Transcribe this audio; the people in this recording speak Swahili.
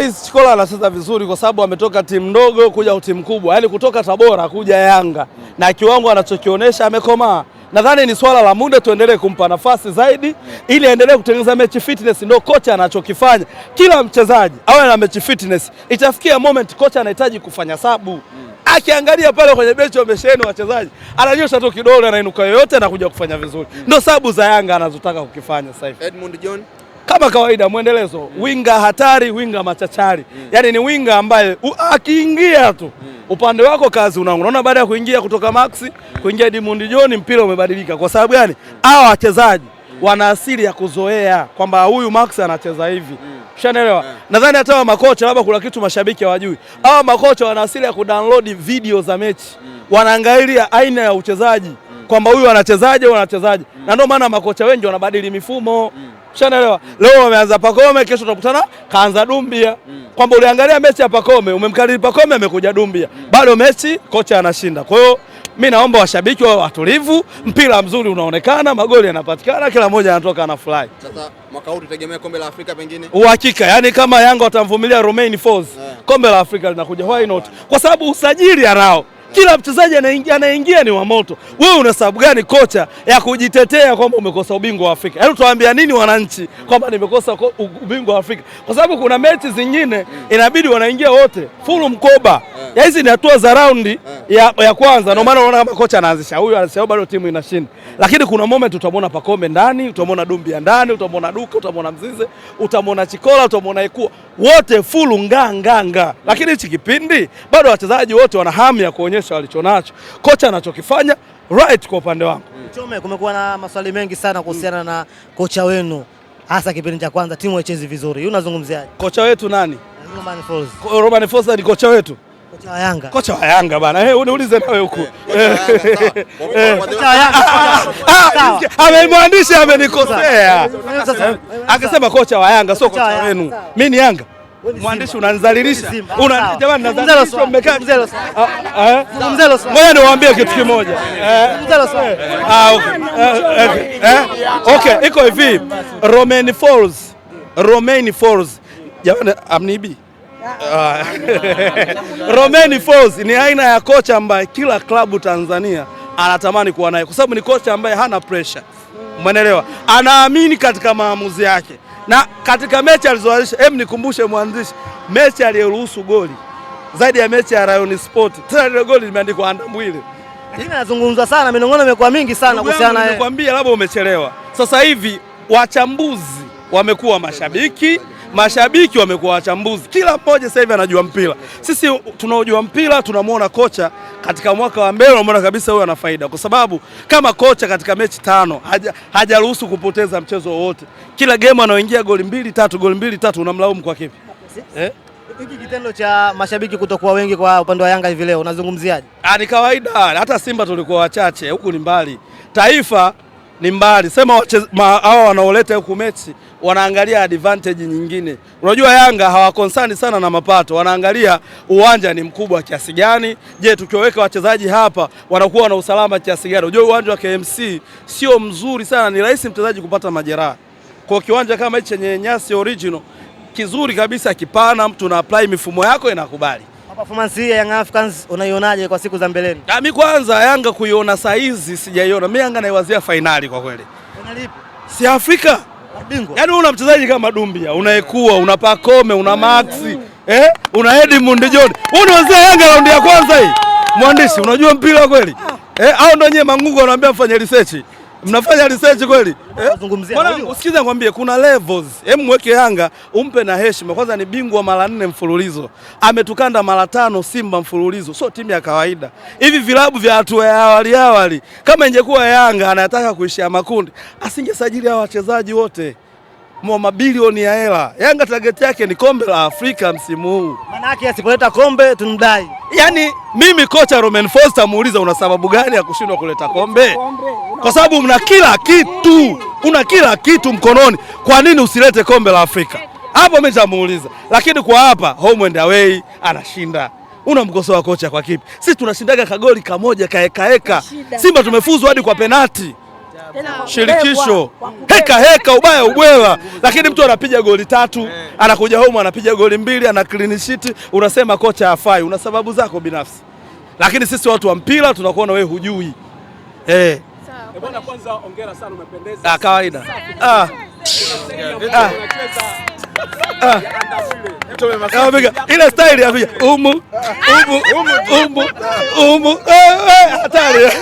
boys Chikola anacheza vizuri kwa sababu ametoka timu ndogo kuja timu kubwa, yaani kutoka Tabora kuja Yanga na kiwango anachokionyesha amekomaa. Nadhani ni swala la muda, tuendelee kumpa nafasi zaidi ili aendelee kutengeneza mechi fitness. Ndio kocha anachokifanya, kila mchezaji awe na mechi fitness. Itafikia moment kocha anahitaji kufanya sabu akiangalia pale kwenye benchi wamesheni wachezaji, ananyosha tu kidole, anainuka yoyote, anakuja kufanya vizuri. Ndio sabu za Yanga anazotaka kukifanya sasa hivi Edmund John kama kawaida mwendelezo mm. winga hatari, winga machachari mm. yaani ni winga ambaye akiingia tu mm. upande wako kazi unaona. Unaona, baada ya kuingia kutoka Max mm. kuingia Diamond John, mpira umebadilika. Kwa sababu gani? hawa mm. wachezaji mm. wana asili ya kuzoea kwamba huyu Max anacheza hivi mm. Shanaelewa yeah. Hmm. Nadhani hata wa makocha labda kuna kitu mashabiki hawajui mm. hawa makocha wana asili ya kudownload video za mechi mm. wanaangalia aina ya uchezaji mm. kwamba huyu anachezaje, anachezaje mm. na ndio maana makocha wengi wanabadili mifumo mm. Ushanaelewa? Mm. Leo wameanza pakome kesho tutakutana kaanza Dumbia. Mm. Kwamba uliangalia mechi ya Pacome, umemkariri Pakome amekuja Dumbia. Mm. Bado mechi kocha anashinda. Kwa hiyo mimi naomba washabiki wao watulivu, mpira mzuri unaonekana, magoli yanapatikana, kila mmoja anatoka anafurahi. Sasa mwaka huu tutegemea kombe la Afrika pengine? Uhakika, yani kama Yanga watamvumilia Romain Folz, yeah. Kombe la Afrika linakuja why not? Kwa sababu usajili anao. Kila mchezaji anaingia, anaingia ni wa moto. Wewe una sababu gani kocha ya kujitetea kwamba umekosa ubingwa wa Afrika? Yaani tuwaambia nini wananchi kwamba nimekosa ubingwa wa Afrika? Kwa sababu kuna mechi zingine mm. inabidi wanaingia wote full mkoba ya hizi ni hatua za raundi eh. ya, ya kwanza. Ndio maana unaona kama kocha anaanzisha huyu anasema bado timu inashinda, eh. lakini kuna moment utamwona Pakome ndani, utamwona Dumbia ndani, utamwona Duka, utamwona Mzize, utamwona Chikola, utamwona Ikua, wote fulu nga nga nga. Lakini hichi kipindi bado wachezaji wote wana hamu ya kuonyesha walichonacho, kocha anachokifanya right kwa upande wangu. Hmm. Chome, kumekuwa na maswali mengi sana kuhusiana na kocha wenu hasa kipindi cha kwanza timu haichezi vizuri. Unazungumziaje kocha wetu nani? Roman Forza. Roman Forza ni kocha wetu. Kocha wa Yanga. Kocha wa Yanga bana. Eh, unaulize nawe huku. Ah, ah, ah, Amemwandishi amenikosea. Eh, Akasema kocha wa Yanga sio kocha wenu. Mimi ni Yanga. Mwandishi unanidhalilisha. Jamani nadhalilisha mmekaa. Eh? Ngoja niwaambie kitu kimoja. Eh. Okay, iko hivi. Romaine Falls. Romaine Falls. Jamani amnibi. Uh, Romeni Folz ni aina ya kocha ambaye kila klabu Tanzania anatamani kuwa naye, kwa sababu ni kocha ambaye hana pressure, umeelewa? Anaamini katika maamuzi yake na katika mechi alizoanzisha. Hem, nikumbushe mwanzishi, mechi aliyeruhusu goli zaidi ya mechi ya Rayon Sport, tena ile goli limeandikwa Andambwile. Lakini anazungumzwa sana, minong'ono imekuwa mingi sana kuhusiana naye. Nikwambia labda umechelewa. Sasa hivi wachambuzi wamekuwa mashabiki mashabiki wamekuwa wachambuzi, kila mmoja sasa hivi anajua mpira. Sisi tunaojua mpira tunamwona kocha katika mwaka wa mbele, unamwona kabisa huyo ana faida, kwa sababu kama kocha katika mechi tano hajaruhusu haja kupoteza mchezo wowote, kila game anaoingia goli mbili tatu, goli mbili tatu, unamlaumu kwa kipi eh? Hiki kitendo cha mashabiki kutokuwa wengi kwa upande wa Yanga hivi leo unazungumziaje? Ah, ni kawaida, hata Simba tulikuwa wachache, huku ni mbali taifa ni mbali, sema hawa wanaoleta huku mechi wanaangalia advantage nyingine. Unajua Yanga hawakonsani sana na mapato, wanaangalia uwanja ni mkubwa kiasi gani. Je, tukiwaweka wachezaji hapa wanakuwa na usalama kiasi gani? Unajua uwanja wa KMC sio mzuri sana, ni rahisi mchezaji kupata majeraha. Kwa kiwanja kama hichi chenye nyasi original kizuri kabisa, kipana, mtu na apply mifumo yako inakubali. Performance hii ya Young Africans unaionaje kwa siku za mbeleni? Mimi kwanza Yanga kuiona saa hizi sijaiona. Mimi Yanga naiwazia fainali kwa kweli. Unalipa? Si Afrika. Bingwa. Yaani una mchezaji kama Dumbia, unaekua, una Pakome, una Max, eh? Una Edmund John. Wewe ni wazee Yanga raundi ya kwanza hii. Ah. Mwandishi, unajua mpira kweli? Ah. Eh, au ndio wenyewe mangungu wanaambia mfanye research. Mnafanya research kweli? Eh? Usikize nikwambie kuna levels. Hebu mweke Yanga umpe na heshima. Kwanza ni bingwa mara nne mfululizo. Ametukanda mara tano Simba mfululizo. Sio timu ya kawaida. Hivi vilabu vya hatua ya awali awali kama ingekuwa Yanga anataka kuishia makundi, asingesajili hao wachezaji wote mwa mabilioni ya hela. Yanga target yake ni kombe la Afrika msimu huu. Maana yake asipoleta kombe tumdai Yaani mimi kocha roman Foster muuliza una sababu gani ya kushindwa kuleta kombe? Kwa sababu mna kila kitu, una kila kitu mkononi. Kwa nini usilete kombe la Afrika? Hapo mimi nitamuuliza. Lakini kwa hapa home and away anashinda. Unamkosoa kocha kwa kipi? Sisi tunashindaga kagoli kamoja kaekaeka. Simba tumefuzwa hadi kwa penati shirikisho heka heka, ubaya ubwewa, lakini mtu anapiga goli tatu eh. anakuja home anapiga goli mbili ana clean sheet, unasema kocha hafai. Una sababu zako binafsi, lakini sisi watu wa mpira tunakuona wewe hujui eh. eh bwana, kwanza hongera sana, umependeza. Ah, kawaida ah, ah. ah. ah ile staili ya umu umu umu eh, umu hatari.